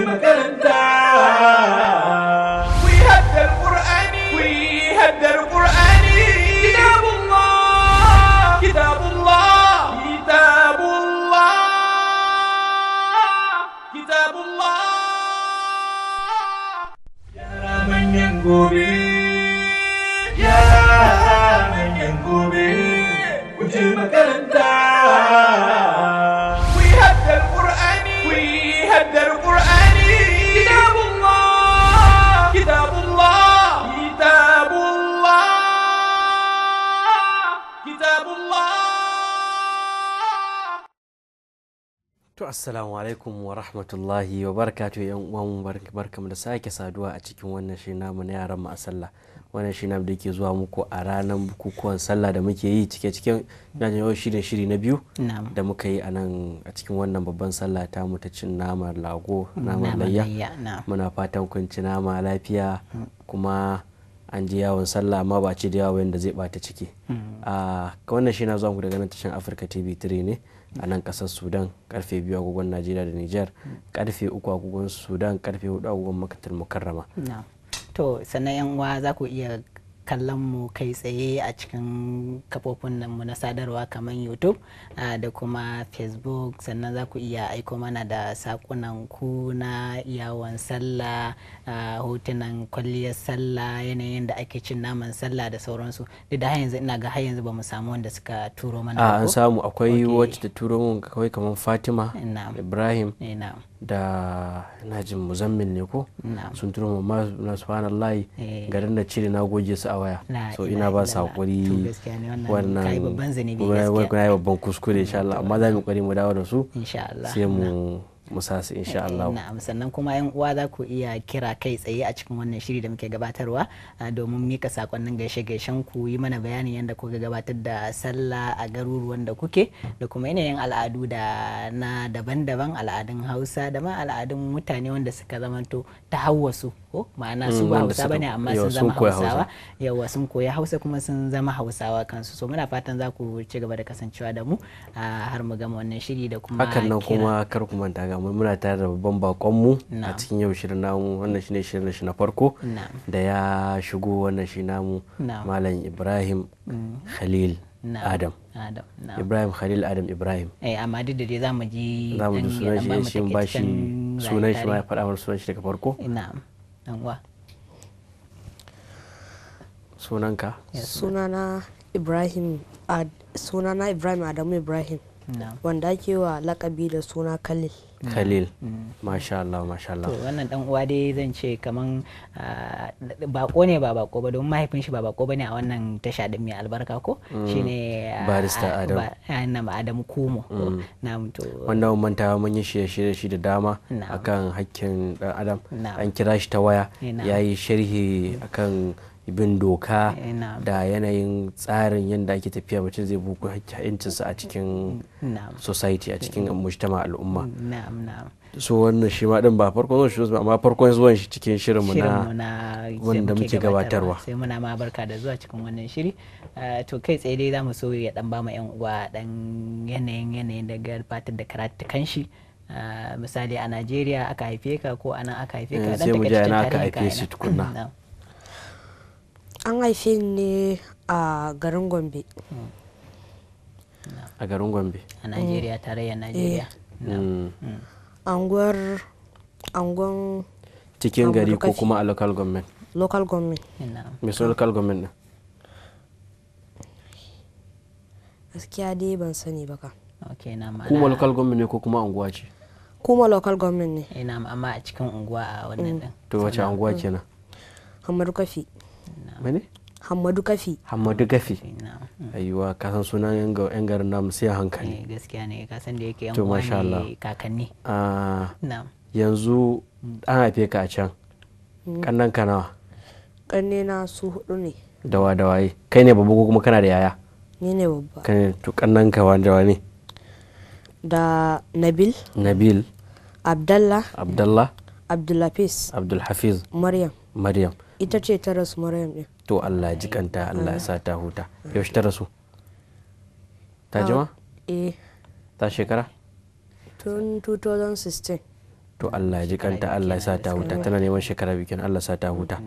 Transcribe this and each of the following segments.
Macarena. To assalamu alaikum wa rahmatullahi wa barakatu yan uwan barkamu da sake saduwa a cikin wannan shi namu na yaran a sallah wannan shi namu da ke zuwa muku a ranar bukukuwan sallah da muke yi cike cikin na yau shirin shiri na biyu da muka yi a nan a cikin wannan babban sallah ta mu ta cin namar lago namar layya muna fatan kun ci nama lafiya mm. kuma an ji yawon sallah amma ba ci da yawon da zai bata ciki mm. a ah, wannan shi na zuwa mu daga nan tashin Afirka TV 3 ne a nan kasar sudan karfe biyu agogon najeriya da niger karfe uku agogon sudan karfe hudu agogon makatar mukarrama to sannan yan uwa za ku iya kallon mu kai tsaye a cikin kafofin nan mu na sadarwa kamar youtube da kuma facebook sannan za ku iya aiko mana da sakunan ku na yawon sallah hotunan kwalliyar sallah yanayin da ake cin naman sallah da sauransu duk da yanzu ina ga har yanzu ba mu samu wanda suka turo mana an samu akwai wacce ta turo mun kawai kamar fatima ibrahim eh, da ina jin muzammin ne ko sun turo mu ma na subhanallah eh. garin da cire na goge su a waya so ina ba su hakuri wannan babban kuskure insha Allah amma za mu kwari mu dawo da su sai mu musasu insha eh, Allah na'am sannan kuma yan uwa za ku iya kira kai tsaye a cikin wannan shiri da muke gabatarwa ah, domin mika sakonnin gaishe gaishen ku yi mana bayanin yadda kuka gabatar da sallah a garuruwan da kuke da kuma yanayin al'adu da na daban-daban al'adun Hausa da ma al'adun mutane wanda suka zamanto ta hawwasu ko ma'ana su mm, ba Hausa bane amma sun zama Hausawa yawa sun koyi Hausa kuma sun zama Hausawa kansu so muna fatan za ku ci gaba da kasancewa da mu ah, har mu gama wannan shiri da kuma hakan nan kuma kar ku manta ga malamai muna tare da babban bakonmu a cikin yau shirin namu wannan shine shirin shi na farko da ya shigo wannan shi namu malam ibrahim mm. khalil adam ibrahim khalil adam ibrahim eh amma duk da dai za mu ji za mu ji sunan shi shi ba shi sunan shi ma ya faɗa mana sunan shi daga farko na'am sunanka sunana ibrahim sunana ibrahim adamu ibrahim wanda ake wa lakabi da suna khalil khalil mm. masha Allah masha Allah wannan dan uwa dai zan ce kaman ah, bako ne ba bako ba don mahaifin shi ba bako bane a wannan tasha din mai albarka ko mm. shine ah, barista ah, adam na adam kumo mm. na mutu wannan manta mun yi shirye shi da dama akan hakkin dan adam an kira shi ta waya eh, yayi sharhi akan bin doka eh, da yanayin tsarin yadda ake tafiya mutum zai buku hakkincinsa a cikin society a cikin eh. mujtama al'umma so wannan shi ma din ba farkon zuwan shi amma farkon zuwan shi cikin shirin mu na wanda muke gabatarwa sai muna ma barka da zuwa cikin wannan shiri eh, to kai tsaye dai zamu so ya dan ba mu yan uwa dan yanayin yanayin daga fatar da karatukan shi misali a Najeriya aka haife ka ko anan aka haife ka dan take cikin tarihi ka an haife ne a garin gombe hmm. a garin gombe a najeriya tarayyar eh. najeriya hmm. Hmm. anguwar anguwan cikin gari ko kuma a local government local government mai su local government na gaskiya dai ban sani baka kuma local government ne ko kuma anguwa ce kuma local government ne ina eh, amma a cikin unguwa a wannan din to wace unguwa kenan hamar kafi mene hamadu kafi hamadu kafi eh, ayyuwa ka san sunan yan garin namu sai a hankali eh, gaskiya ne ka san da yake yan uwa ne kakanni ah, yanzu an haife ka a can mm. kannan ka nawa kanne na su hudu ne dawa dawa yi eh. kai ne babba ko kuma kana da yaya ni ne babba kai to kannan ka wani dawa ne da nabil nabil abdallah abdallah abdulhafiz abdulhafiz maryam maryam ita ce ta rasu maryam ɗin. to allah jikanta allah ya sa ta huta yaushe ta rasu ta ah, jima eh ta shekara tun 2016 to allah jikanta allah ya sa ta huta tana mm. neman shekara bikin allah sa ta huta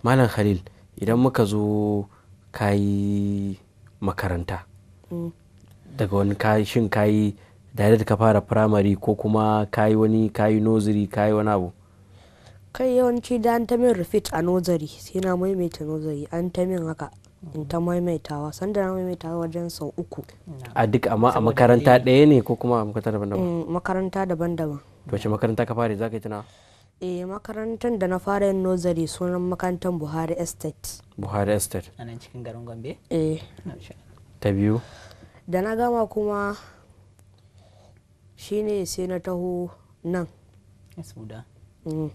malam khalil idan muka zo kayi makaranta mm. daga wani shin kayi da ka fara firamare ko kuma kayi wani kayi noziri kayi wani abu kai yawanci da an ta min rufit a nozari sai na maimaita nozari an ta min haka in ta maimaitawa sanda na maimaitawa wajen sau uku a duk amma a makaranta ɗaya ne ko kuma a makaranta daban-daban mm, makaranta daban-daban to wace makaranta ka fara zaka yi tuna eh makarantar da na fara yin nozari sunan makarantar buhari estate buhari estate a nan cikin garin gombe eh ta biyu da na gama kuma shine sai na taho nan Mm.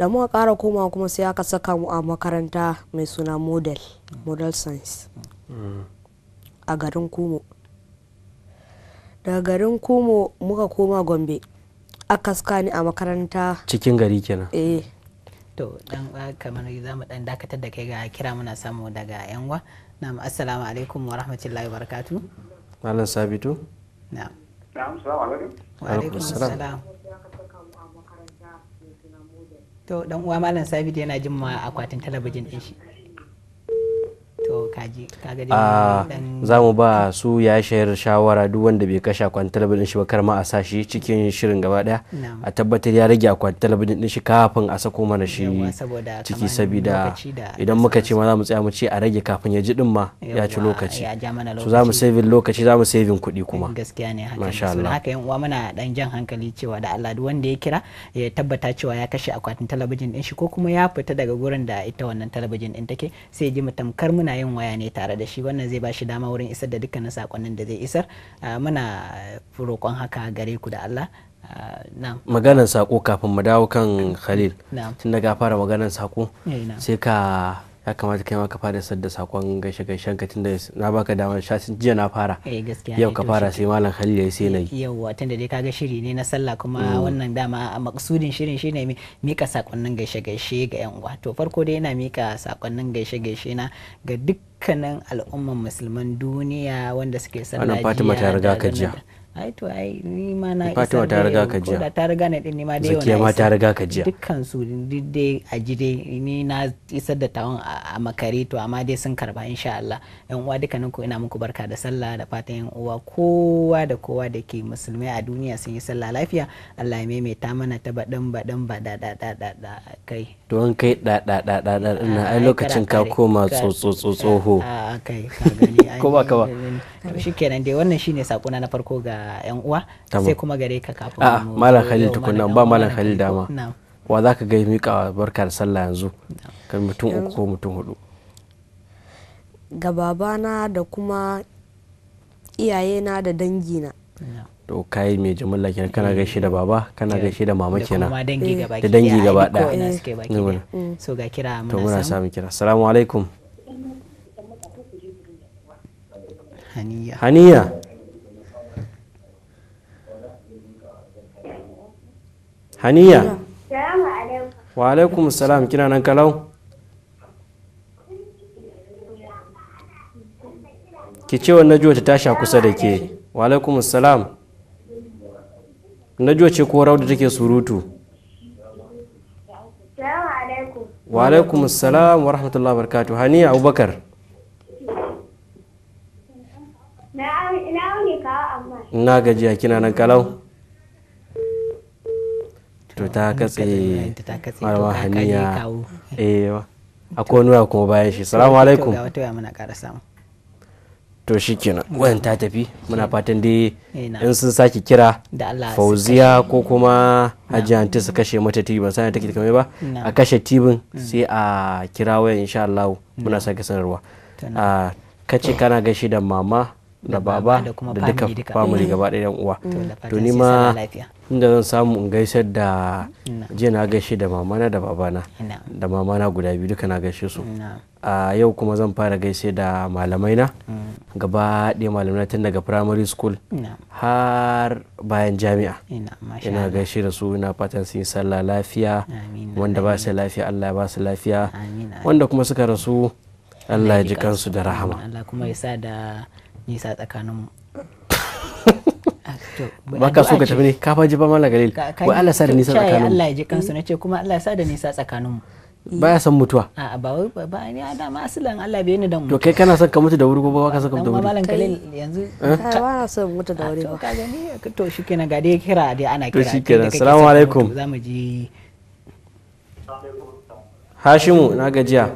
da muka kara komawa kuma sai aka saka mu a makaranta mai suna model model science mm. a garin kumo daga garin kumo muka koma gombe aka saka ni a makaranta cikin gari kenan eh to dan ah, kamar za mu dan dakatar da kai ga kira muna samu daga yanwa na'am assalamu alaikum wa rahmatullahi wa barakatu. malam sabitu na'am na'am assalamu alaikum wa alaikum assalam to dan uwa malam sabit yana jin ma akwatin talabijin din shi to kaji kaga dai ah, za mu ba su ya shayar shawara duk wanda bai kashe akwatin talabijin shi ba kar ma a sa shi cikin shirin gaba daya a tabbatar ya rage akwatin talabijin din shi kafin a sako mana shi ciki saboda idan muka ce ma za mu tsaya mu ce a rage kafin ya ji din ma ya ci lokaci su za mu lokaci za mu kuɗi kuma eh, gaskiya ne masha Allah haka yan uwa muna dan jan hankali cewa da Allah duk wanda ya kira ya tabbata cewa ya kashe akwatin talabijin din shi ko kuma ya fita daga gurin da ita wannan talabijin din take sai ji mu tamkar muna yin waya ne tare da shi wannan zai ba shi dama wurin isar da dukkanin sakonnin da zai isar ah, muna roƙon haka gare ku da Allah ah, maganan sako kafin mu dawo kan khalil tun daga fara maganan sako eh, sai ka ya kamata kai ma ka fara sadda sakon gaishe gaishen ka tunda na baka damar shatin jiya na fara eh, yau ka fara sai malam halil ya sai nayi watan da dai kaga shiri ne na sallah kuma mm. wannan dama a maksudin shirin shine mika sakonnin gaishe gaishe ga yan uwa to farko dai ina mika sakonnin gaishe gaishe na ga dukkanin al'umman musulman duniya wanda suke sallah wannan Fatima ta riga ka jiya ai to ai ni ma na isa fatima ta riga ka jiya ta riga na din ni ma dai zakiya ma ta riga ka jiya dukkan su duk dai a gide ni na isar da tawon a makare to amma dai sun karba insha Allah yan uwa dukkanin ku ina muku barka da sallah da fatan yan uwa kowa da kowa da ke musulmai a duniya sun yi sallah lafiya Allah ya maimaita mana ta badan badan ba da da da da kai to an kai da da da da da ina ai lokacin ka koma tsotso ho a kai ka gani ko ba ka ba to shikenan dai wannan shine sakona na farko ga yan uwa sai kuma gare ka kafin a malam khalil tukunna ba malam khalil dama wa za ka gai miƙa barka da sallah yanzu kan mutum uku ko mutum hudu ga babana da kuma iyayena da dangina to kai mai jimilla kenan kana eh. gaishe da baba kana eh. gaishe da mama kenan eh. da dangi gaba daya mm. so ga kira muna samu kira assalamu alaikum haniya haniya wa alaikum salam kina nan kalau ki ce wa najuwa ta tasha kusa da ke wa alaikum salam najuwa ce ko rauda take surutu wa alaikum salam wa rahmatullahi barakatuh haniya abubakar na gajiya kina nan kalau to ta katse marwa haniya ewa eh, akwai wani waya kuma bayan shi salamu alaikum ga wata waya muna kara samu to shi kenan wayan ta tafi muna fatan dai in sun sake kira fauziya ko kuma hajji su kashe mata tv ban sani take kame ba a kashe tibin mm. sai a kira wayan insha Allah mm. muna sake sanarwa a kace kana gashi da mama da baba da duka family gaba ɗaya uwa to ni ma inda zan samu in gaishe da jiya na gaishe da mamana da babana da mamana guda biyu duka na gaishe su a yau kuma zan fara gaishe da malamai na mm. gaba ɗaya malamai tun daga primary school har bayan jami'a ina gaishe da su ina fatan su yi sallah lafiya wanda ba su lafiya allah ya ba su lafiya wanda kuma suka rasu allah ya ji kansu da rahama allah kuma ya sa da nisa tsakaninmu ba ka so ka tafi ne ka faji ba mala galil wai Allah sa da nisa tsakanin mu Allah ya ji kansu nace kuma Allah ya sa da nisa tsakanin mu baya san mutuwa a ba wai ba ni da ma asalan Allah bai ni da mu to kai kana son ka mutu da wuri ko ba ka son ka mutu da wuri malam galil yanzu eh? ka ba na son mutu da ah, wuri ba to ka gani to shikenan ga dai kira dai ana kira to shikenan assalamu alaikum za mu ji Hashimu na gajiya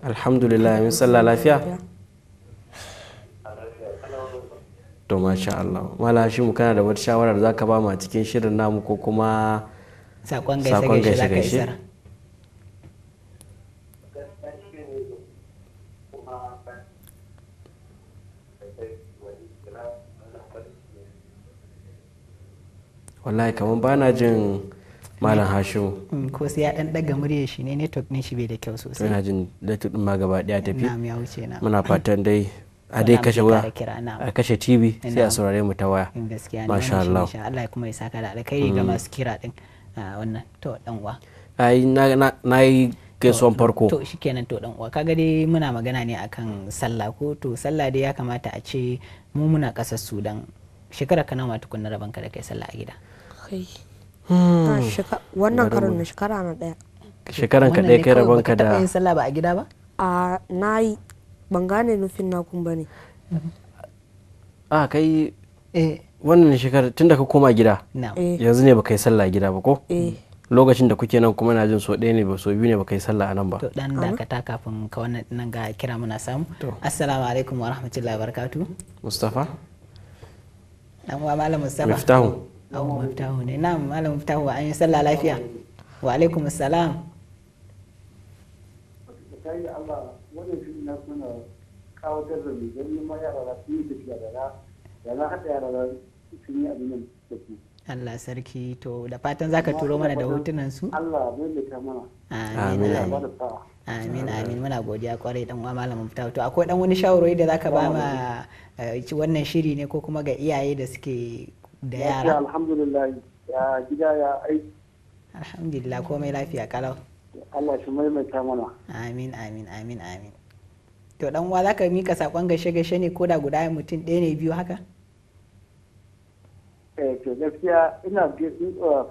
alhamdulillah min sallah lafiya to masha Allah mala shi mu kana da wata shawara da zaka ba mu a cikin shirin namu ko kuma sakon gaishe gaishe wallahi kamar ba na jin malam hashu mm, ko sai ya dan daga murya shi ne network ne shi bai da kyau sosai ina jin network din ma gaba daya tafi muna fatan dai a dai kashe waya a kashe tv sai a saurare mu ta waya masha Allah Allah ya kuma ya saka da alkhairi ga mm. masu kira din ah, wannan to dan uwa ai na yi gaisuwan farko to shikenan to dan uwa kaga dai muna magana ne akan sallah ko to sallah dai ya kamata a ce mu muna kasar Sudan shekara kana ma tukun na rabanka da kai sallah a gida kai hmm. wannan karon na shekara na daya shekaran ka dai kai rabanka da sallah ba a gida ba a ah, na yi ban gane nufin nakun ba ne a kai eh. wannan shekarar tun da ka koma gida eh. yanzu ne ba kai sallah gida ba ko eh. lokacin da kuke nan kuma na jin so ɗaya ne ba so biyu ne ba kai sallah a nan ba to dan dakata kafin ka wannan nan ga kira muna samu assalamu alaikum wa rahmatullahi wa barakatuh mustafa dan wa malam mustafa miftahu aw miftahu ne na malam miftahu an yi sallah lafiya wa alaikum assalam Allah na suna kawatar da mai ma yara za su yi tafiya da na da na haɗa yara za su yi abin nan tafi. Allah sarki to da fatan zaka turo mana da hotunan su. Allah bai ta mana. Amin amin. Amin amin muna godiya kwarai dan uwa malamin fita to akwai dan wani shawarwari da zaka ba ma eh, wannan shiri ne ko kuma ga iyaye da suke da yara. Alhamdulillah ya gida ya aiki. Alhamdulillah komai lafiya kalau. Allah shi maimaita mana. Amin amin amin amin. to dan uwa zaka mika sakon gashe gashe ne ko da guda mutum ɗaya ne biyu haka eh to gaskiya ina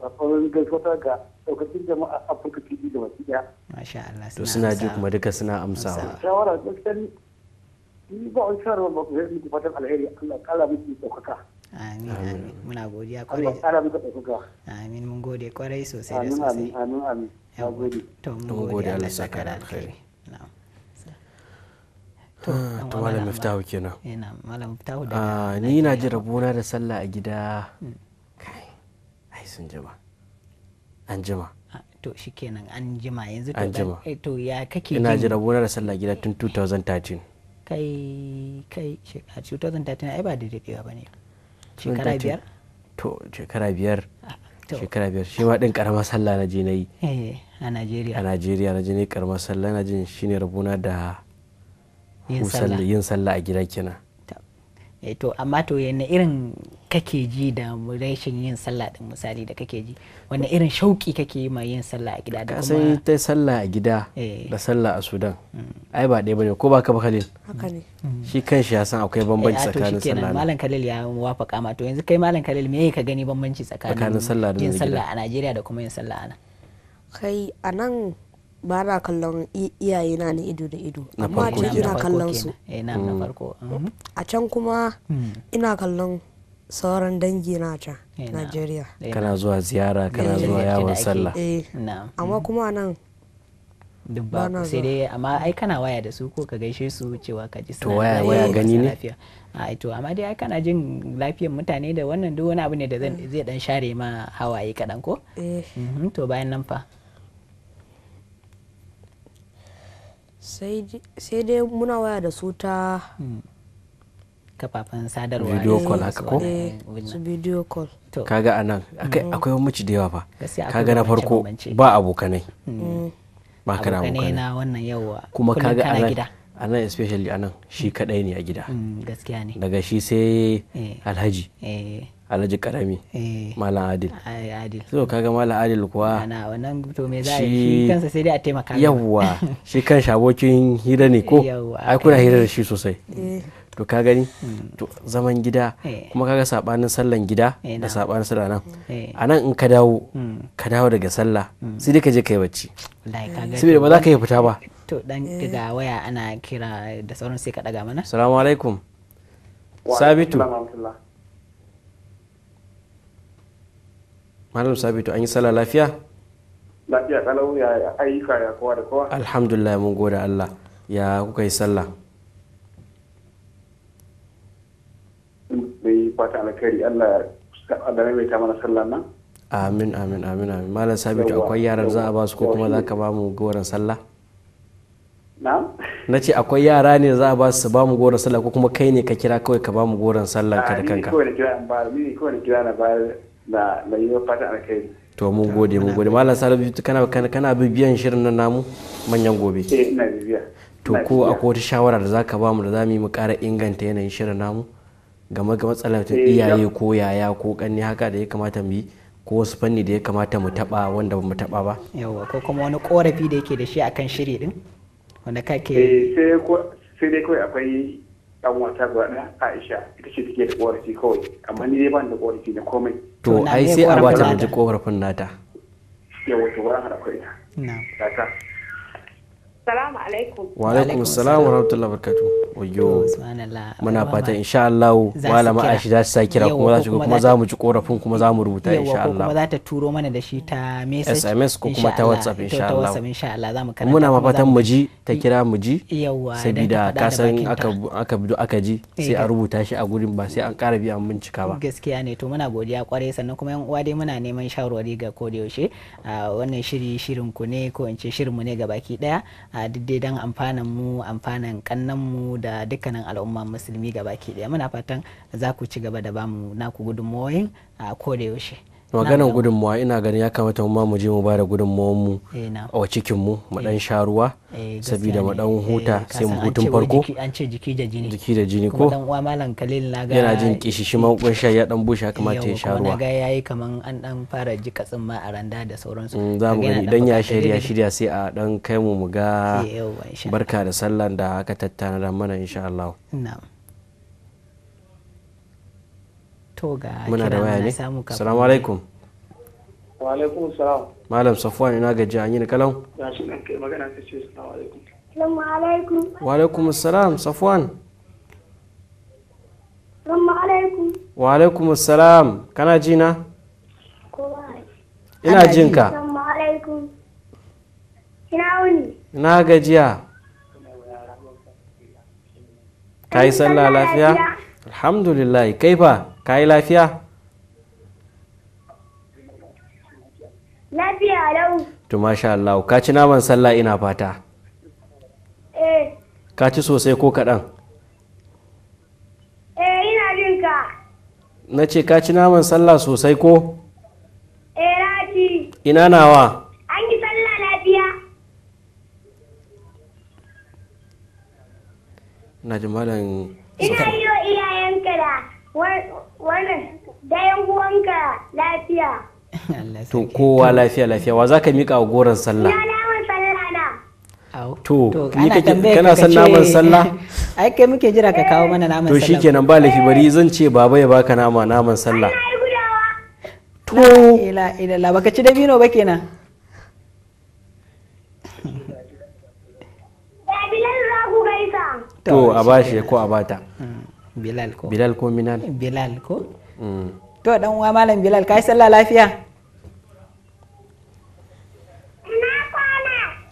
sakon gaskota ga daukacin jama'a Afirka TV da wasu ya masha Allah to suna ji kuma duka suna amsawa shawara gaskiya ni ba wani shawara ba ku zai muku fatan alheri Allah kala miki daukaka amin amin muna godiya kwarai kala miki daukaka amin mun gode kwarai sosai da sosai amin amin amin to mun gode Allah saka da alheri to mm, malam miftahu kenan yana eh, malam miftahu da ah, ni na ji rabona da sallah a gida mm. kai ai sun jima an jima ah, to shi kenan an jima yanzu to an jima eh, to ya kake ina ji rabona da sallah a gida tun 2013 kai kai shekara ah, 2013 ai ba da dadewa bane shekara biyar to shekara biyar shekara biyar shi ma din karamar sallah na je na yi eh, a najeriya a najeriya na je na yi karamar sallah na jin shine rabona da yin sallah a gida kenan eh to amma to yana irin kake ji da rashin yin sallah din misali da kake ji wani irin shauki kake yi ma yin sallah a gida da kuma san ta sallah a gida eh. da sallah a Sudan ai ba ɗaya bane ko ba ka ba Khalil haka ne mm. shi kanshi ya san akwai bambanci eh, tsakanin sallah malam Khalil ya wafaka ma to yanzu kai malam Khalil me ka gani bambanci tsakanin yin sallah a Najeriya da kuma yin sallah a nan kai a nan ba na kallon iyaye na ni ido da ido amma a can ina kallon su eh, eh, mm. a can kuma mm. ina kallon sauran dangi eh, na can nigeria kana zuwa ziyara kana zuwa yawon sallah amma mm. kuma nan duk ba sai dai amma ai kana waya da su ko ka gaishe su cewa ka ji suna waya waya gani ne a to amma dai ai kana jin lafiyar mutane da wannan duk wani abu ne da zai dan share ma hawaye kadan ko mhm, to bayan nan fa sai dai muna waya da su ta hmm. kafafen sadarwa video call haka ko eh, su video call kaga anan hmm. akwai mace da yawa ba kaga na farko ba abokanai hmm. ba ka da abokanai na wannan yawa kuma kaga anan anan especially anan shi kadai ne a gida gaskiya ne daga shi sai eh. alhaji eh. alhaji karami eh. malam adil so kaga malam adil kuwa shi kansa sai dai a taimaka yawwa shi kan shabokin hira ne ko ai kuna hira da shi sosai eh. to ka gani mm. to zaman gida eh. kuma kaga sabanin sallan gida da sabanin sallah nan a nan in ka dawo mm. ka dawo daga sallah mm. sai dai ka je kai bacci saboda ba za ka yi fita ba to dan daga waya ana kira da sauran sai ka daga mana assalamu alaikum sabitu malam sabitu an yi sallah lafiya lafiya kalau ya ayyuka ya kowa da kowa alhamdulillah mun gode Allah ya kuka yi sallah mai fata alkhairi Allah Allah ya ta mana sallah nan amin amin amin amin malam sabitu akwai yaran za a ba su ko kuma za ka ba mu goron sallah na ce akwai yara ne za a ba su ba mu goron sallah ko kuma kai ne ka kira kawai ka ba mu goron sallah ka da kanka da yi fata fatan kai. to mun gode mun gode malam salabi kana kana bibiyan shirin nan namu manyan gobe eh ina bibiya to ko akwai wata shawara da zaka ba mu da zamu yi mu ƙara inganta yanayin shirin namu game ga matsalar eh, iyaye ko yaya ko kanni haka da ya kamata mu yi ko wasu fanni da ya kamata mu taba wanda ba mu taba ba yawa ko kuma wani korafi da yake da shi akan shiri din wanda kake eh, sai dai kawai akwai dan wata guda Aisha ita ce take da korafi kawai amma ni dai ban da korafi na komai to ai sai a bata mu ji korafin nata yawon to har akwai ta Salamu alaikum. Wa alaikum salam wa rahmatullahi barkatu. Wayo. Muna fatan insha Allah malama Aisha za su sa kira kuma za su kuma za mu ji korafin kuma za mu rubuta insha Allah. Kuma za ta turo mana da shi ta message. SMS ko kuma ta WhatsApp insha Allah. za mu Allah Muna ma fatan mu ji ta kira mu ji. Yawwa. Sabida ka san aka aka aka ji eh, sai a rubuta shi a gurin ba sai an ƙara biya bincika ba. Gaskiya ne to muna godiya kwarai sannan kuma yan uwa dai muna neman shawarwari ga kodayaushe ah, wannan shiri shirin ku ne ko in ce shirin mu ne gabaki daya. A dai don amfanan mu amfanan kannan mu da dukkanin al'umma musulmi gaba gabaki daya muna fatan za ku ci gaba da bamu naku gudunmawoyin a koda yaushe. maganan gudunmuwa ina gani ya kamata mu ma mu je mu ba da gudunmuwan eh, mu a cikin mu mu dan eh. sha ruwa eh, saboda mu dan huta sai mu hutun farko an ce jiki da jini jiki da jini ko dan uwa malam kalil na ga yana jin kishi shi ma kun sha ya dan bushe ya kamata ya sha ga yayi kaman an dan fara ji katsin ma a randa da sauransu mm, za mu gani dan ya shirya shirya sai a dan kai mu mu ga barka da sallan da aka tattana da mana insha Allah na'am to ga muna da waya ne assalamu alaikum wa alaikum salam malam safwan ina gaji an yi kalau ya shi nan kai magana ka ce assalamu alaikum assalamu alaikum wa alaikum assalam safwan assalamu alaikum wa alaikum assalam kana ji na ina jin ka assalamu alaikum ina wuni ina gajiya ka yi sallah lafiya alhamdulillah kai fa ka yi lafiya lafiya lau tu masha Allah ka ci naman sallah ina fata eh. ka ci sosai ko kaɗan eh ina jin ka na ce ka ci naman sallah sosai ko eh na ci ina nawa na ji ina yi wa iyayenka da lafiya to kowa lafiya lafiya wa za ka miƙa wa goron sallah to kana san naman sallah ai kai muke jira ka kawo mana naman sallah to shikenan ba lafi bari zan ce baba ya baka nama naman sallah to ila ila baka ci dabino ba kenan to a bashi ko a bata hmm. bilal ko bilal ko minal bilal ko mm. to dan uwa malam bilal kai sallah lafiya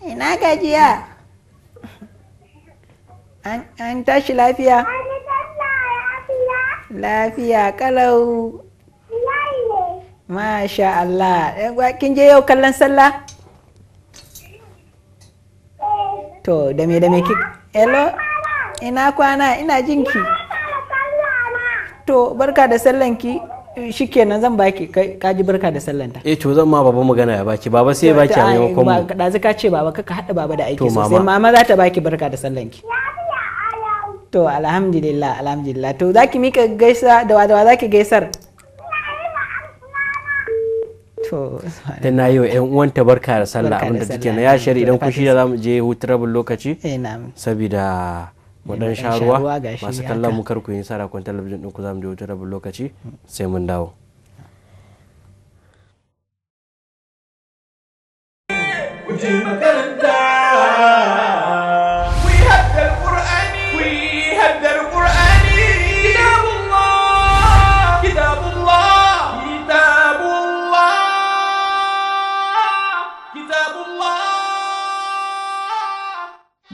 ina gajiya an tashi lafiya lafiya kalau masha Allah kin je yau kallon sallah eh. to da me da me ki hello ina kwana ina jinki to barka da sallanki shikenan zan baki kaji barka da sallanta eh to zan ma baba magana ya baki baba sai ya baki a maimakon mu da zaka ce baba kaka hada baba da aiki sosai mama za ta baki barka da sallanki to alhamdulillah alhamdulillah to zaki mika gaisa da da zaki gaisar da na yi wa 'yan uwanta barka da sallah abinda take na ya shari idan kun shirya za mu je hutu rabin lokaci eh, saboda wadan sha ruwa masu kallon mu kar ku yi sara kwan talabijin ɗin ku zamu je wata rabin lokaci sai mun dawo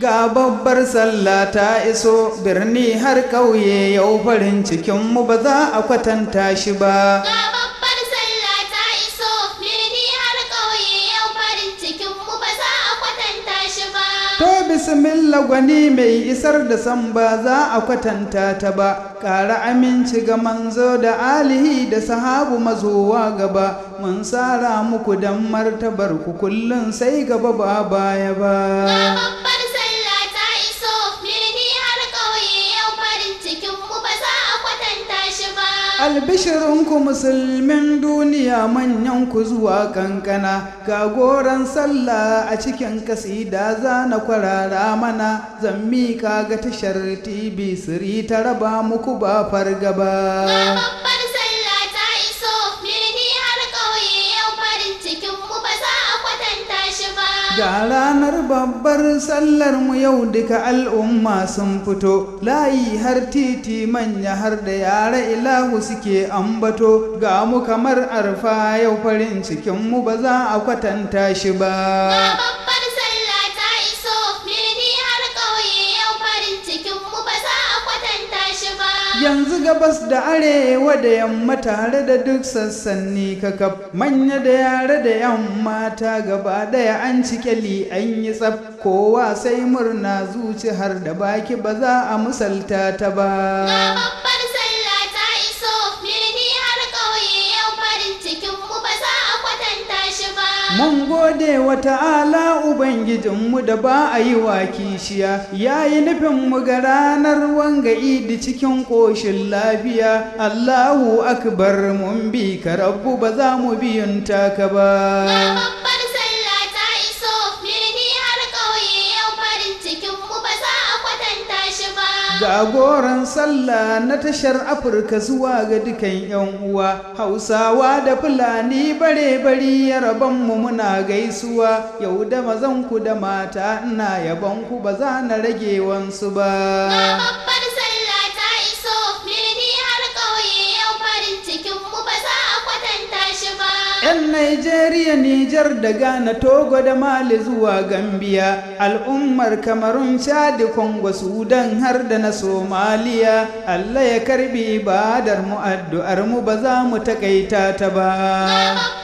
ga babbar sallah ta iso birni har ƙauye yau farin cikinmu ba za a kwatanta shi ba To bismillah gwani mai isar da san ba za a kwatanta ta ba, ƙara aminci ga manzo da alihi da sahabu mazowa gaba, mun sara muku don martabar ku kullum sai gaba ba baya ba. albishirinku musulmin duniya manyan ku zuwa kankana ga goron sallah a cikin kasida za na kwarara mana zan mika ga tashar tv siri ta raba muku ba fargaba. ga ranar babbar sallar mu yau duka al'umma sun fito layi har titi manya har da yara ilahu suke ambato ga mu kamar arfa yau farin cikin mu ba za a kwatanta shi ba yanzu gabas da arewa da yamma tare da duk sassanni kakab manya da yare da yamma ta gaba daya an cike li an yi tsaf kowa sai murna zuci har da baki ba za a musalta ta ba Mun gode wa ta'ala Ubangijinmu da ba a yi wa kishiya, ya yi mu ga ranar wanga idi cikin ƙoshin lafiya, Allahu akbar mun bi ka rabu ba za mu biyun taka ba. jagoran sallah na tashar afirka zuwa ga dukan yan uwa hausawa da fulani bare bari ya rabon mu muna gaisuwa yau da mazan ku da mata ina yabon ba za na rage wansu ba 'yan Najeriya, Nijar da Ghana, Togo da Mali zuwa Gambiya, al'ummar Kamarun, Chadi, Kongo, Sudan har da na Somaliya, Allah ya karbi ibadar mu addu'ar mu ba za mu takaita ta ba.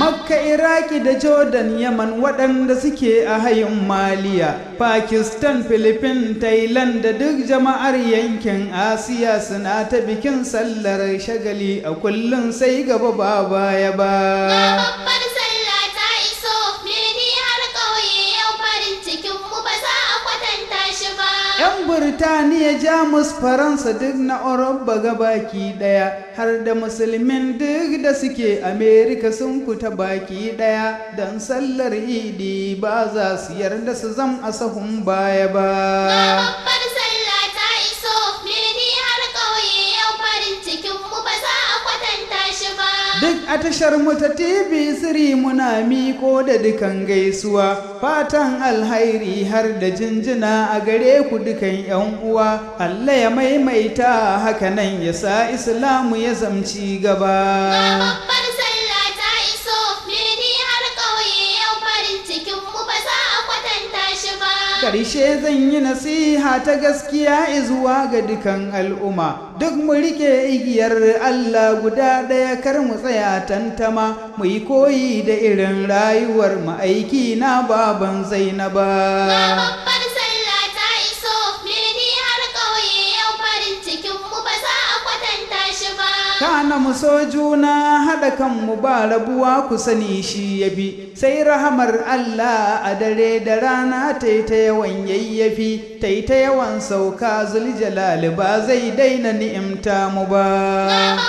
makka iraki da jordan yaman waɗanda suke a hayin maliya pakistan philippine thailand da duk jama'ar yankin asiya suna ta bikin sallar shagali a kullum sai gaba ba baya ba 'yan Burtaniya Jamus Faransa duk na Oroba ga baki ɗaya har da musulmin duk da suke Amerika sun fita baki ɗaya don sallar idi ba za su yarda su zam a sahun baya ba. duk a tashar mu ta TV siri muna miko da dukan gaisuwa fatan alhairi har da jinjina a gare ku dukan yan uwa Allah ya maimaita hakanan ya sa Islamu ya zamci gaba. ƙarshe zan yi nasiha ta gaskiya izuwa ga dukan al'umma duk mu rike igiyar Allah guda ɗaya kar mu tsaya tantama mu yi koyi da irin rayuwar ma'aiki na baban zainaba kana mu so juna haɗa kanmu ba rabuwa ku sani shi ya bi sai rahamar Allah a dare da rana ta yi ta yawan yayyafi ta yi ta yawan sauka zuljalali ba zai daina ni'imta mu ba.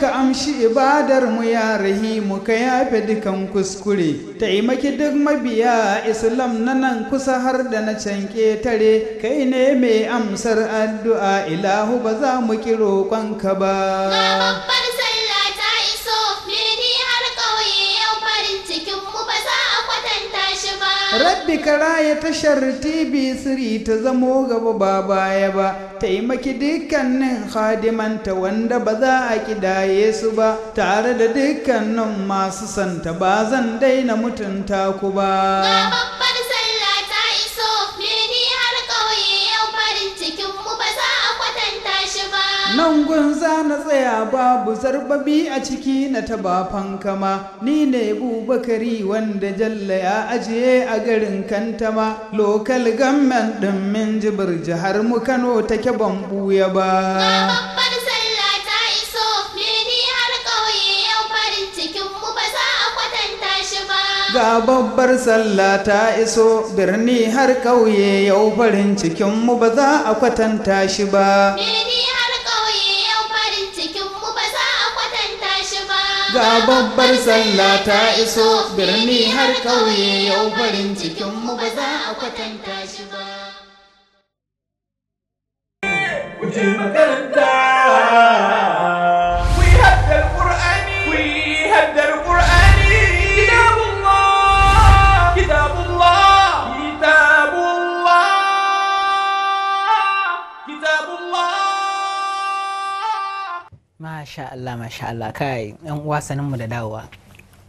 ka amshi ibadar mu ya rahimu ka yafe dukan kuskure taimaki duk mabiya islam na nan kusa har da na can ketare kai ne mai amsar addu'a ilahu ba za mu ki kwanka ba rabbi ka raya tashar tv 3 ta zamo gaba ba baya ba taimaki dukkanin hadimanta wanda ba za a kidaye su ba tare da dukkanin masu santa ba zan daina mutunta ku ba nan gunza na tsaya babu zarbabi a ciki na taba fankama ni ne bubakari wanda jalla ya ajiye a garin kantama lokal gamman din min jibir jihar mu kano take ban buya ba ga babbar sallah ta iso birni har ƙauye yau farin cikinmu ba za a kwatanta shi ba. ga babbar sallah ta iso birni har ƙauye yau farin cikinmu ba za a kwatanta shi ba. masha Allah masha Allah kai yan uwa mu da dawowa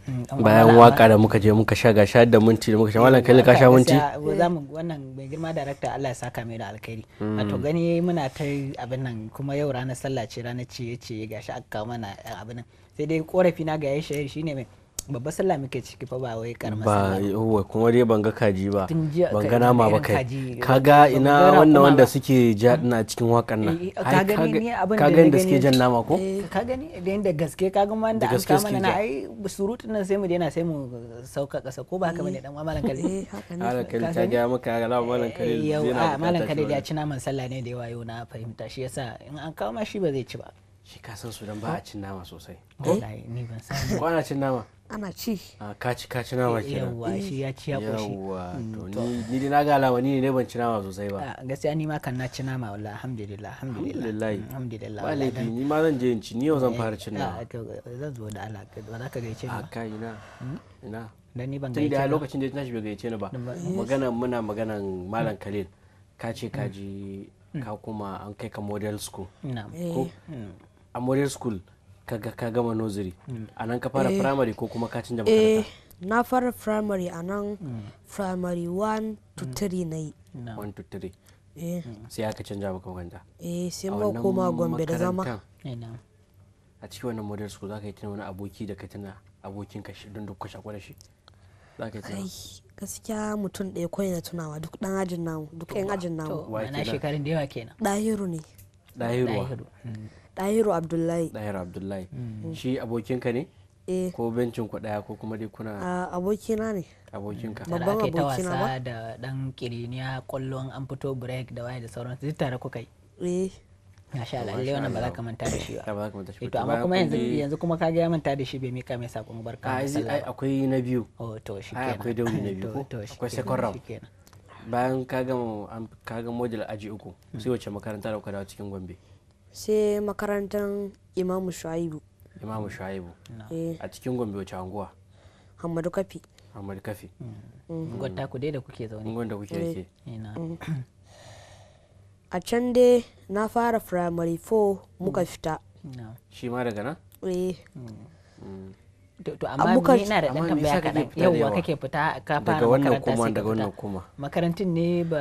mm, bayan waka da muka je muka sha ga shayar da minti da muka sha wannan kai ka sha minti za mu wannan bai girma darakta Allah ya saka mai da alkhairi mm. wato gani muna ta abin nan kuma yau ranar sallah ce ranar ce yace gashi aka kawo mana eh, abin nan sai dai korafi na ga yayin shi shine mai babba sallah muke ciki fa ba wai karama ba yawa kuma dai ban ga kaji ba ban ga nama ba kai kaga ina wannan wanda suke ja hmm? ina cikin wakan nan eh, eh, ka gani ni abin da kaga suke jan nama ko eh, ka gani da inda gaske kaga ma da an kama na ai surutun nan sai mu daina sai mu sauka kasa ko ba haka bane dan malam kale malam kale ta ga maka ga malam kale yana malam kale ya ci naman sallah ne da yawa yau na fahimta shi yasa in an kama shi ba zai ci ba shi ka san su dan ba a cin nama sosai ko ni ban san ko ana cin nama ana ci a kaci kaci nama kenan yawa shi ya ci ya koshi yawa mm, to ni dai na ga alama ni ne ban ci nama sosai ba gaskiya ni ma kan na ci nama wallahi alhamdulillah alhamdulillah alhamdulillah mm, ba ni ma zan je in ci ni yau zan eh, fara cin nama zan zo da alaka ba za ka gaice ba a kai na. Hmm? ina dan ni ban gaice ba lokacin da tashi bai gaice ni ba magana muna maganan malam kalil ka ce ka hmm. ji hmm. ka kuma an kai ka model school eh. ko a model school ka gama nursery mm. a nan ka fara eh. primary ko kuma ka da makaranta eh, na fara primary a nan mm. primary 1 to 3 mm. na yi 1 to 3 eh. sai aka canja maka makaranta eh sai ma koma gombe da zama a cikin wannan model school za ka yi tuna wani aboki da ka tuna abokin ka don duk kwashe kwada shi za ka yi tuna gaskiya mutum ɗaya kawai na tunawa duk ɗan ajin namu duk ɗan ajin namu to na shekarun da yawa kenan ɗahiru ne ɗahiru ɗahiru abdullahi ɗahiru abdullahi hmm. shi abokinka ne eh. ko bencin ku daya ko kuma dai kuna abokina ne abokinka babban abokina ba da dan kiriniya kwallon an fito break da waye da sauran su tare kuka yi eh masha Allah lalle wannan ba za ka manta da shi ba to amma kuma yanzu yanzu kuma ka ga ya manta da shi bai mika mai sakon barka ai akwai na biyu oh to shikenan akwai dauni na biyu ko akwai second round bayan ka gama ka ga model aji uku sai hmm. wace makaranta da kuka dawo cikin Gombe sai makarantar imamu shu'aibu imamu shu'aibu eh. a cikin gombe wace anguwa hamadu kafi hamadu kafi mm. mm. gwata ku dai da kuke zaune gwanda kuke eh. yake mm. a can dai na fara primary 4 muka fita shi ma daga nan eh. to amma ni yana da dan tambaya kaɗan yauwa kake fita ka fara kuma daga wannan kuma makarantun ne ba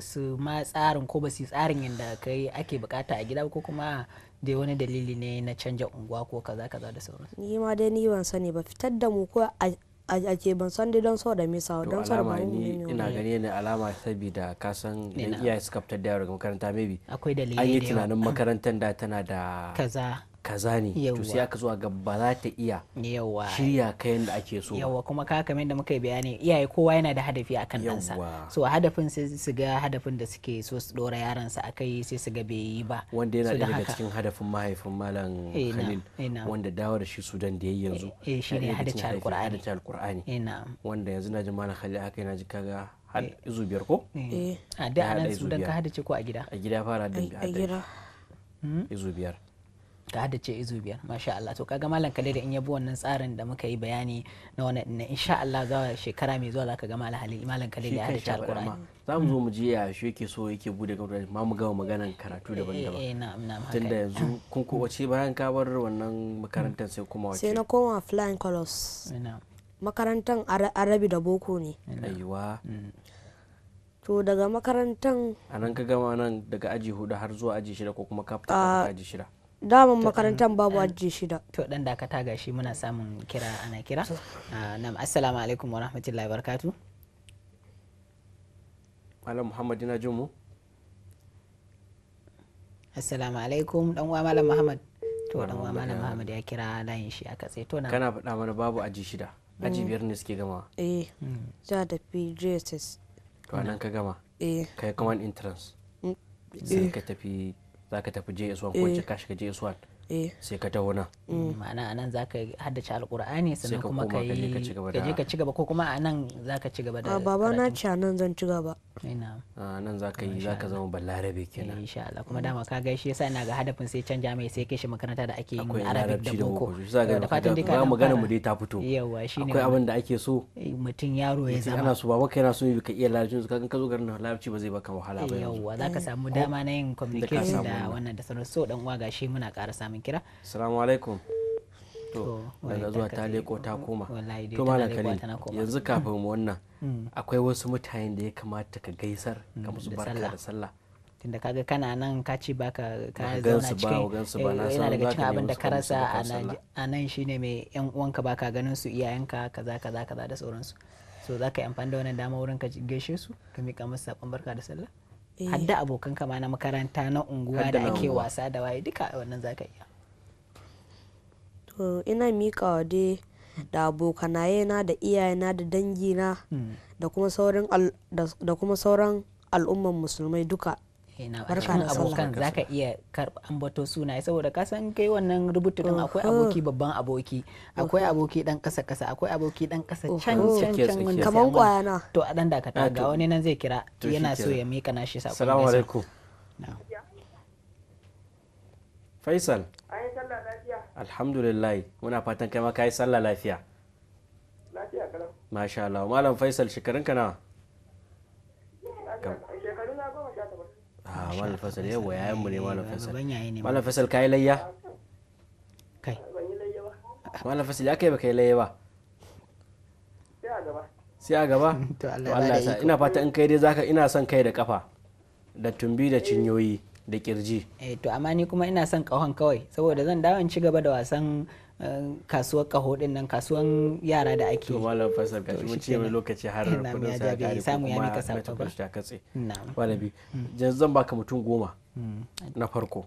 su ma tsarin ko ba su tsarin yadda kai ake bukata a gida ko kuma da wani dalili ne na canja unguwa ko kaza kaza da sauran ni ma dai ni ban sani ba fitar da mu ko a ke ban san dai don so da me don so da ba ni ina gani ne alama saboda ka san iyaye suka fitar da yaro daga makaranta maybe akwai dalili an yi tunanin makarantar da tana da kaza kaza ne to sai aka zuwa ga ba za ta iya shirya kayan da ake so yawa kuma ka kamar da muka yi bayani iyaye kowa yana da hadafi akan ɗansa so a hadafin sai su ga hadafin da suke so su dora yaron sa akai sai su ga bai yi ba wanda yana daga cikin hadafin mahaifin malam Khalil wanda dawo da shi Sudan da yayi yanzu eh, eh shine hadafin alqur'ani alqur'ani wanda yanzu na ji malam Khalil haka yana ji kaga har eh. izu biyar ko eh, eh. a da anan Sudan ka hadace ko a gida a gida fara da a gida hmm? izu biyar ka haddace izu biyar masha Allah to kaga malam kadir in yabo wannan tsarin da muka yi bayani na wannan insha Allah za shekara mai zuwa zaka ga malam halil malam kadir ya haddace alqur'ani za mu zo mu mm. je ya shi yake so yake bude gaba ma mu gama maganan karatu daban-daban eh, eh na'am na'am tunda yanzu kun ko wace bayan ka bar wannan makarantar sai kuma wace sai na koma flying colors eh, makarantar arabi da boko ne eh, aiwa mm. to daga makarantar a nan ka gama nan daga aji hudu har zuwa aji shida ko kuma ka fita ah, aji shida damun makarantar babu aji shida to dan dakata shi muna samun kira ana kira ah, na assalamu alaikum wa rahmatullahi wa malam muhammad ina jin mu assalamu alaikum dan uwa malam muhammad to dan uwa malam muhammad ya kira layin shi aka tsaye to na kana faɗa mana babu aji shida aji mm. biyar ne suke gama eh mm. za da pjss to nan ka gama eh kai common entrance mm. sai eh. ka tafi za ka tafi js1 ko eh. ka shiga js1 Eh. sai ka taho mm. Mm, ma'ana a nan za ka haddace alkur'ani sannan kuma ka yi ka ci gaba ko kuma a nan za ka ci gaba da baba na ci a nan zan ci gaba eh, a nan za ka yi za ka zama balarabe kenan eh, insha Allah kuma dama ka gaishe yasa ina ga hadafin sai canja mai sai kai shi makaranta da ake yin arabic da boko da fatan dai ka magana mu dai ta fito yawa shine akwai abin da ake so mutum yaro ya zama ana so baba kai na so ka iya larabci ka ga ka zo garin larabci ba zai baka wahala ba yawa za ka samu dama na yin communication da wannan da sanar so dan uwa gashi muna ƙara samun min kira assalamu alaikum to daga zuwa ta leko ta koma to mana kare, yanzu kafin wannan mm. akwai wasu mutanen da ya kamata ka gaisar ka mm, musu barka da sallah tunda kaga kana nan ka ci baka ka zauna cikin eh, yana daga cikin abin da ka rasa a nan shine mai yan uwanka baka ganin su iyayenka kaza kaza kaza da sauransu so za ka yi amfani da wannan dama wurin ka gaishe su ka miƙa musu saƙon barka da sallah Eh. hadda abokan kama na makaranta na unguwa da ake wasa da waye duka wannan zaka iya to ina mika wade da abokanaye na da iyayena da dangina hmm. da kuma sauran al'umman musulmai duka barka da abokan zaka iya ambato sunaye saboda ka san kai wannan rubutu din akwai aboki babban aboki akwai aboki dan kasa kasa akwai aboki dan kasa can can can wanda kaman kwana to a dan dakata ah, ga wani nan zai kira yana so ya mika shi sakon assalamu alaikum faisal ayi sallah lafiya alhamdulillah muna fatan kai ma kai sallah lafiya lafiya kalau masha Allah malam faisal shekarun ka nawa a ah, malam fasal yawa yayan mu ne malam fasal malam fasal kai layya kai malam fasal ya kai ba kai layya ba sai a gaba to Allah ya ina fata in kai dai zaka ina son kai da kafa da tumbi da cinyoyi da kirji eh to amma ni kuma ina son kahon kawai saboda zan dawo in ci gaba da wasan kasuwar kaho din nan kasuwan yara da ake to malam fasal ka mun ce mai lokaci har kudin sai ka samu ya mika sako ba ta katse na'am walabi mm. zan baka mutum goma mm. na farko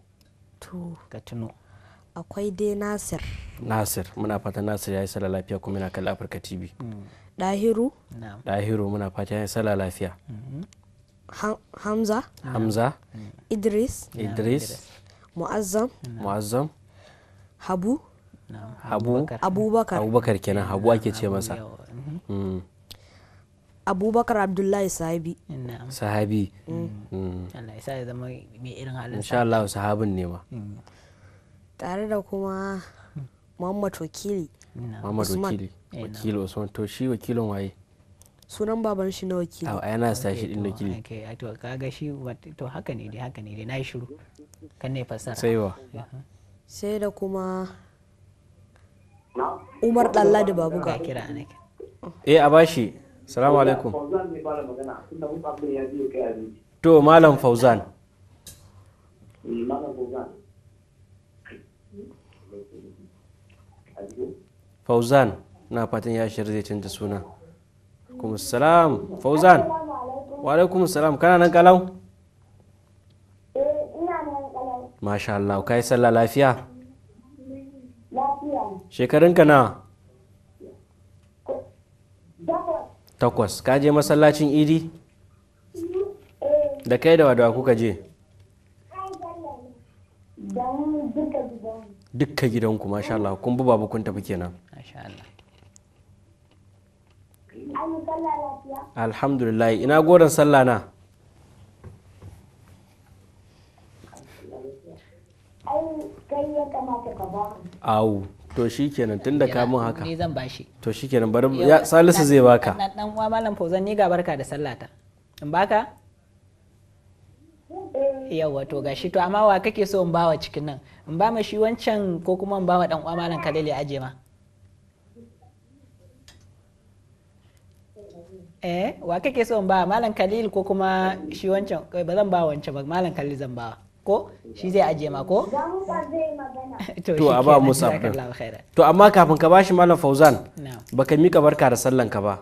to ka tuno akwai dai nasir nasir muna fata nasir ya yi sala lafiya kuma yana kallon afirka tv mm. dahiru dahiru muna fata ya yi sala lafiya mm-hmm. hamza hamza idris idris mu'azzam mu'azzam habu abubakar abubakar kenan habu ake ce masa mm. mm-hmm. abubakar abdullahi sahabi sahabi mm. Mm. insha Allah sahabin ne ma tare da kuma Muhammad wakili Muhammad wakili eh, wakili Usman to shi wakilin waye sunan baban shi na wakili a yana sa shi din wakili to kaga shi to haka ne dai haka ne dai na shiru kan ne fasara sai wa eh, eh. sai da kuma Umar Ɗanladi Babu ga kira ne. Eh a bashi. Salamu alaikum. To Malam Fauzan. Fauzan na fatan ya shirya zai canza suna. Kuma salam Fauzan. Wa alaikum salam kana nan kalau? Eh, Masha Allah, kai sallah lafiya? shekarunka na takwas ka je masallacin idi da kai da wadawa kuka je dukka gidanku masha Allah kun bi babu kun tafi kenan alhamdulillah ina goron sallah na au to shi kenan tun da mun haka ni zan bashi to shi kenan bari ya salisu zai baka dan dan uwa malam fauzan ni ga barka da sallata in baka yawa to gashi to amma wa kake so in bawa cikin nan in ba ma shi wancan ko kuma in bawa dan uwa malam kalil ya aje ma eh wa kake so in ba malam kalil ko kuma shi wancan ba zan ba wancan ba malam kalil zan bawa ko shi zai aje ma ko to a ba musa to amma kafin ka bashi malam fauzan baka mika barka da sallan ka ba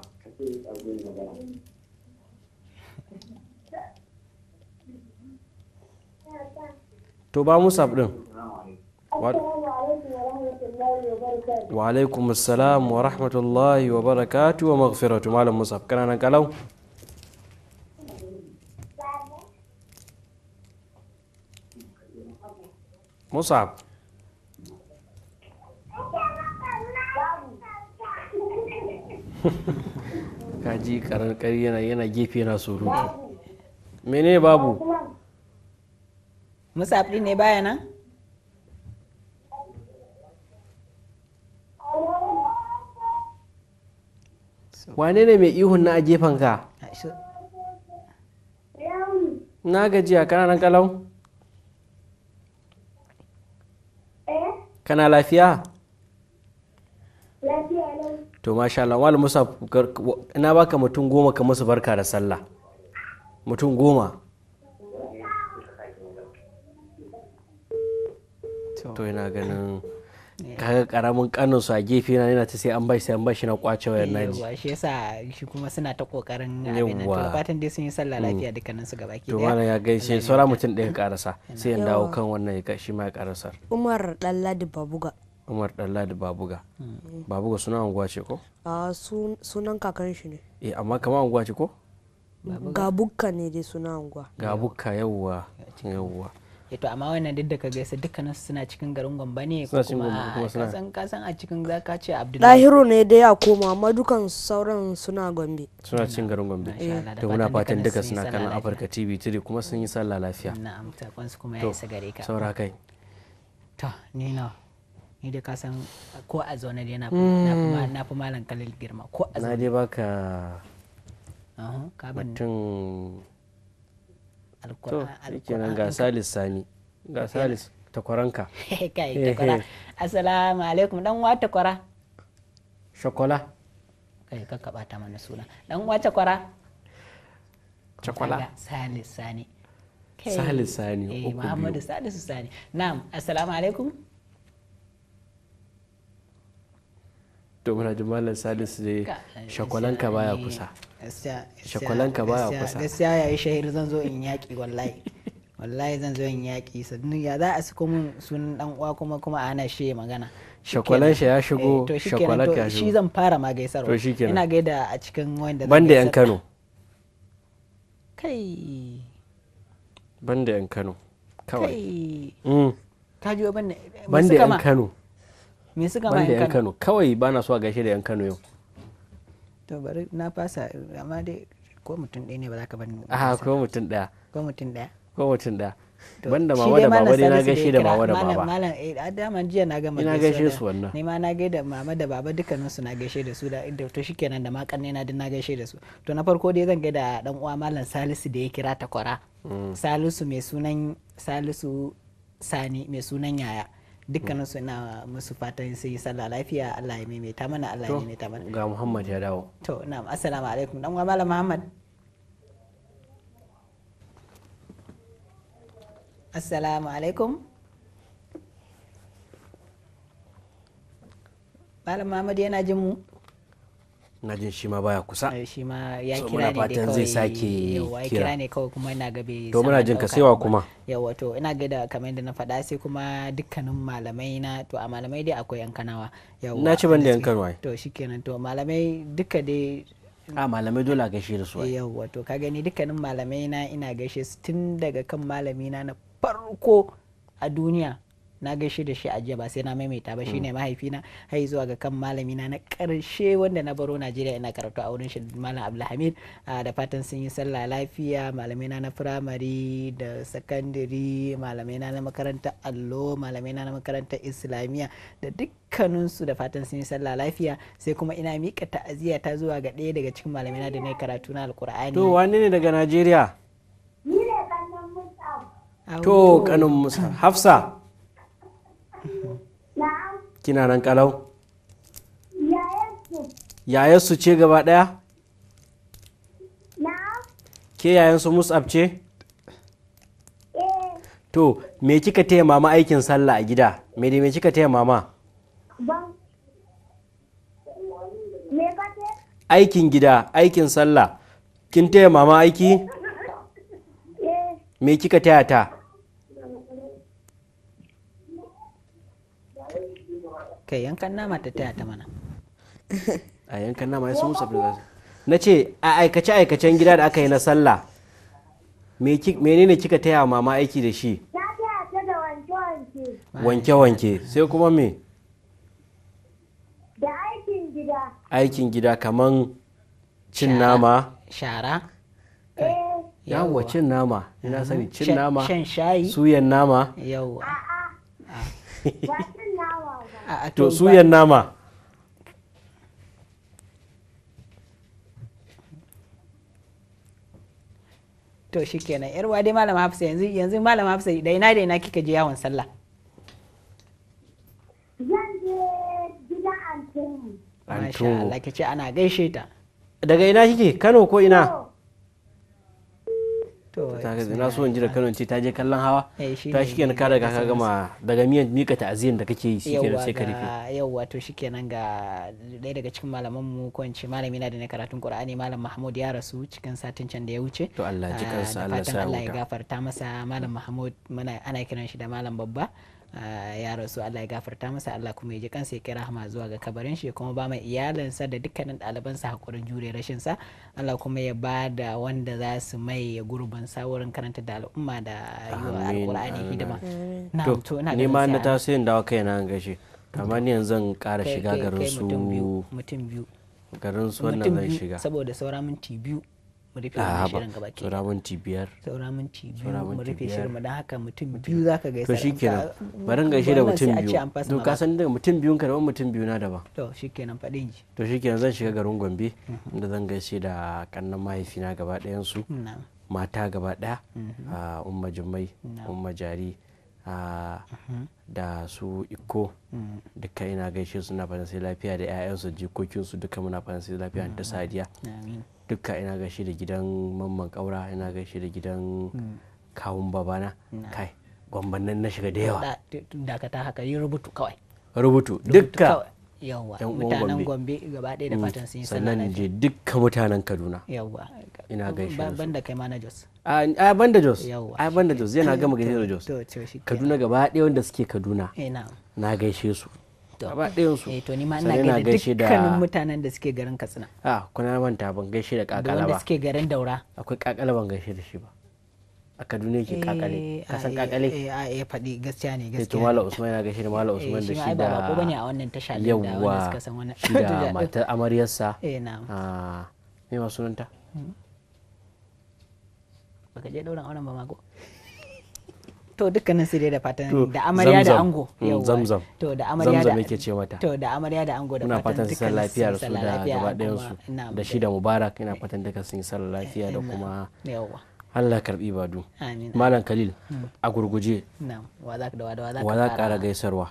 to ba musa din wa alaikumussalam wa rahmatullahi wa barakatuhu wa maghfiratu malam musa kana nan kalau Musa. kaji yana yana gefe na surutu mene babu musab ne baya nan wane ne mai ihun na a gefen ka na gajiya kana nan kalau kana lafiya to masha Allah Musa ina baka mutum goma ka musu barka da sallah mutum goma to ina ganin kaga karamin kanin su a gefe na yana ta sai an bashi sai an bashi na kwace wayar naji yawa shi yasa shi kuma suna ta kokarin abin to fatan dai sun yi sallah mm. lafiya dukkanin su da to wannan ya gaishe saura mutum ɗaya karasa sai in dawo kan wannan ya shi ma ya karasar Umar Dalladi Babuga Umar Dalladi Babuga mm. Babuga suna unguwa ce ko a sunan kakan shi ne eh amma kamar unguwa ce ko Gabukka ne dai suna unguwa Gabukka yawwa yawwa Eh, to amma wannan duk da ka gaisa dukkanin su suna cikin garin Gombe ne kuma kasan kasan a cikin ka ce Abdullahi lahiru ne da ya koma amma dukkan sauran suna Gombe suna cikin garin Gombe to muna fatan duka suna kallon afirka TV 3 kuma sun yi sallah lafiya na'am takon kwansu kuma ya isa gare ka saura kai to ni na ni da kasan ko a zaune dai na hmm. na fi malam kalil girma ko a zaune na dai baka mutum alkur'ani kenan ga salis sani ga salis takwaranka kai eh, takwara eh. assalamu alaikum dan wa takwara shakwala kai kan ka bata mana suna dan wa takwara chakwala salis sani salis sani Eh muhammadu salisu sani na'am assalamu alaikum to muna jin malam salis dai shakwalanka baya eh, kusa shakwalanka baya kusa gaskiya yayi shahir zan zo in yaƙi wallahi wallahi zan zo in yaƙi sannan ya za a su min sunan dan uwa kuma kuma ana shi magana shakwalan shi ya eh, shigo shakwalan ya shigo shi zan fara ma gaisarwa ina gaida a cikin wanda zan banda yan Kano kai banda yan Kano kawai mm. ka ji banda banda yan Kano me suka ma yan Kano kawai bana so a gaishe da yan Kano yau to bari na fasa amma dai ko mutum ɗaya ne ba za ka bani a ko mutum ɗaya ko mutum ɗaya ko mutum ɗaya banda mawa da baba dai na gaishe da mawa da baba malam eh daman jiya na gama na gaishe su wannan ni ma na gaishe da mama da baba dukkanin su na gaishe da su da to shikenan da ma kanne na na gaishe da su to na farko dai zan da dan uwa malam Salisu da ya kira kwara mm. Salisu mai sunan Salisu Sani mai sunan yaya dukkanin su na musu fatan su yi sallah lafiya Allah ya maimaita mana Allah ya maimaita mana ga Muhammad ya dawo to na'am assalamu alaikum dan uwa malam Muhammad assalamu alaikum malam Muhammad yana jin mu na jin shi ma baya kusa eh, shi ma ya kira ne fatan zai sake kira ne kawai kuma ina gabe to muna jin ka saiwa kuma yawa to ina ga da kamar yadda na faɗa sai kuma dukkanin malamai na to a malamai dai akwai yan kanawa yawa na ci ban da yan kanawa to shikenan to malamai duka dai a malamai dole a gaishe da su yawa to ka gani dukkanin malamai na ina gaishe su tun daga kan malami na na farko a duniya na gaishe da shi a jiya ba sai na maimaita ba mm. shine mahaifina har zuwa ga kan malamina na karshe wanda na baro Najeriya ina karatu a wurin shi Malam Abdulhamid da fatan sun yi sallah lafiya malamina na firamare da secondary malamina na makarantar allo malamina na makarantar islamiyya da su da fatan sun yi sallah lafiya sai kuma ina mika ta'aziyya ta zuwa ga ɗaya daga cikin malamina da na karatu na alkur'ani to wani ne daga Najeriya To kanin Musa Hafsa kina nan kalau yayansu ce gaba daya ke yayansu musab ce eh. to me kika taya mama aikin sallah a gida me dai me kika taya mama aikin gida aikin sallah kin taya mama aiki eh. me kika taya ta kai yankan nama ta taya ta mana a yankan nama ya sun musa na ce a aikace aikacen gida da aka yi na sallah menene kika taya mama aiki da shi wanke wanke sai kuma me da aikin gida aikin gida kaman cin nama shara eh. yawwa cin nama ina sani cin nama shan shayi suyan nama yawwa to suyan nama to shi kenan yar dai malama hafsa yanzu yanzu malama hafsa da ina da ina kika je yawon sallah zan je gidan antoni Masha Allah ce ana gaishe ta daga ina kike Kano ko ina na so in ji da Kano ce ta je kallon hawa eh, ta shi kenan ka daga ka gama daga miyan mika ta'aziyyar da kake yi shikenan sai ka rufe yau to shikenan ga ɗaya daga cikin malaman mu ko in ce malami na da ne karatun Qur'ani malam Mahmud ya rasu cikin satin can da ya wuce to Allah ji ah, kansa Allah sa Allah ya gafarta masa malam Mahmud ana kiran shi da malam babba ya rasu Allah ya gafarta masa Allah kuma ya ji kansa ya kira rahama zuwa ga kabarin shi kuma ba mai iyalinsa da dukkanin ɗalibansa hakurin jure rashin sa Allah kuma ya ba da wanda za su mai gurbin sa wurin karanta da al'umma da yiwa alƙur'ani hidima na to ina ni ma na tasirin dawo na gashi amma ni yanzu zan ƙara shiga garin su mutum biyu garin su wannan zan shiga saboda saura minti biyu mu rufe wannan shirin gaba ke saura minti biyar saura minti biyu mu rufe shirin mu dan haka mutum biyu zaka gaisa to shikenan bari gaishe da mutum biyu to ka san da mutum biyun ka da mutum biyu na daban to shikenan fadin ji to shikenan zan shiga garin Gombe mhm. inda zan gaishe da kannan mahaifina gaba ɗayan su mata gaba ɗaya mhm. umma jummai umma jari mhm. da su iko duka ina gaishe suna fatan sai lafiya da 'ya'yansu jikokinsu duka muna fatan sai lafiya da sadiya dukka ina gaishe da gidan mamman kaura ina gaishe da gidan hmm. kawun babana kai gwamban nan na shiga da yawa dakata haka yi rubutu kawai rubutu dukka yawa mutanen gombe gaba ɗaya da hmm, fatan sun yi sannan je dukka mutanen kaduna yawa ina gaishe da banda kai mana jos a banda jos a banda jos yana gama gaishe da jos kaduna gaba ɗaya wanda suke kaduna eh, na gaishe su gaba ɗayan su eh, to ni ma ina ga dukkanin mutanen da suke garin katsina a ah, kuna manta ban gaishe da kakala ba da suke garin daura akwai kakala ban gaishe da shi ba a kaduna yake kakale eh, kasan kakale eh, a eh faɗi gaskiya ne gaskiya to Malam usman ya gaishe da Malam usman da shi da ba bane a wannan tasha da wanda suka san wannan shi da matar sa eh na'am a ah, me ma sunanta hmm. baka je dauran auren ba mago to dukkanin su dai da fatan da amarya da ango mm, zamzam to da amarya da yake ce mata to da amarya da ango da fatan dukkan lafiyar su da gaba ɗayan su da shi da mubarak ina fatan dukkan sun san sallah lafiya da kuma Allah karbi badu malam kalil hmm. a gurguje wa za ka ƙara gaisarwa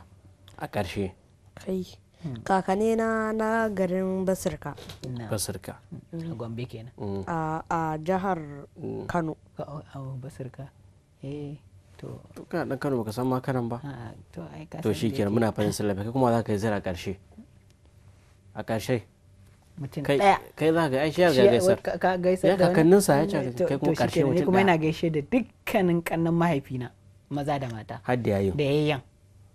a ƙarshe hmm. kakane na na garin basirka basirka a hmm, gombe kenan a jihar kano oh, oh, basirka eh to kana dan kano baka san ma karan ba ah, to shi kenan muna fahimtar sallah kai kuma za ka yi zira karshe a karshe mutum daya kai za ga aisha ga gaisa ka gaisa ya kakannin sa ya ce kai kuma karshe mutum kuma ina gaishe da dukkanin kannan mahaifina maza da mata har da yayin da yayin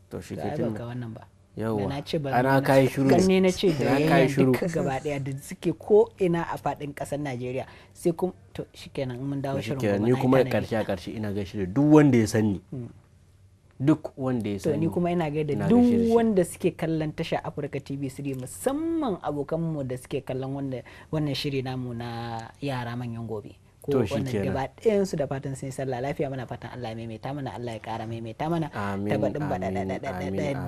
to shi ke tun ba wannan ba yawa na ce ba ana kai shiru ganne na ce da yayin duka gaba daya da suke ko ina a fadin kasar Najeriya sai kuma to shikenan mun dawo shirin gobe ni kuma karshe a karshe ina gaishe da duk wanda ya sani mm. duk wanda ya sani to ni kuma ina gaida duk wanda suke kallon tasha Africa TV Studio musamman abokan mu da suke kallon wannan shiri namu na yara manyan gobe ko wannan gaba ɗayan su da fatan sun sallah lafiya muna fatan Allah maimaita mana Allah ya ƙara maimaita mana ta gudun ba da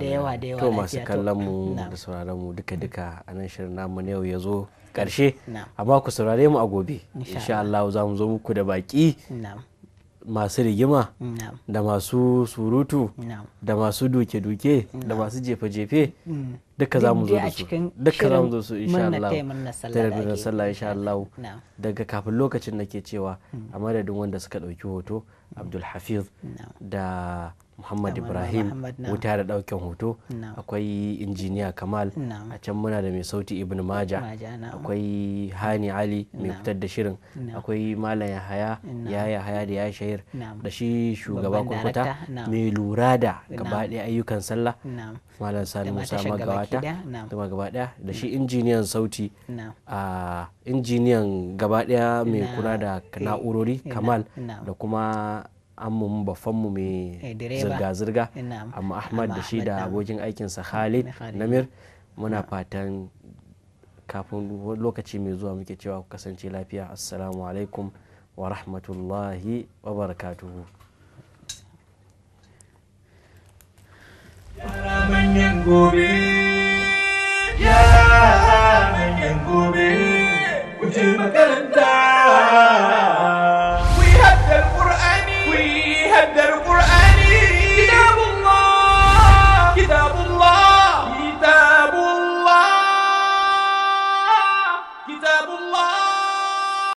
yawa da yawa to masu kallon mu da sauraron mu duka duka a nan shirin namu na yau ya zo ƙarshe amma ku saurare mu a gobe insha Allah za mu zo muku da baki masu rigima da masu surutu da masu duke-duke da masu jefe-jefe mm. duka za mu zo da su duka za mu zo su insha'Allah Allah sallah insha Allah daga kafin lokacin ke cewa mm. a madadin wanda suka ɗauki hoto mm. Abdul Hafiz da muhammad ibrahim wuta da daukin hoto akwai injiniya kamal a can muna da mai sauti ibn maja akwai hani ali mai fitar da shirin akwai malam yahaya ya yahaya da ya shahir da shi shugaba kwakwata mai lura da gaba daya ayyukan sallah malam sani musa magawata da daya da shi injiniyan sauti a injiniyan gaba daya mai kula da eh, na'urori eh, kamal da kuma an ammun mu mai eh, zirga-zirga amma ahmad da shi da abokin aikinsa khalid namir muna fatan kafin lokaci mai zuwa muke cewa ku kasance lafiya assalamu alaikum wa rahmatullahi wa barakatuhu yara manyan gobe yara manyan gobe ku je makaranta هذا القرآن كتاب الله كتاب الله كتاب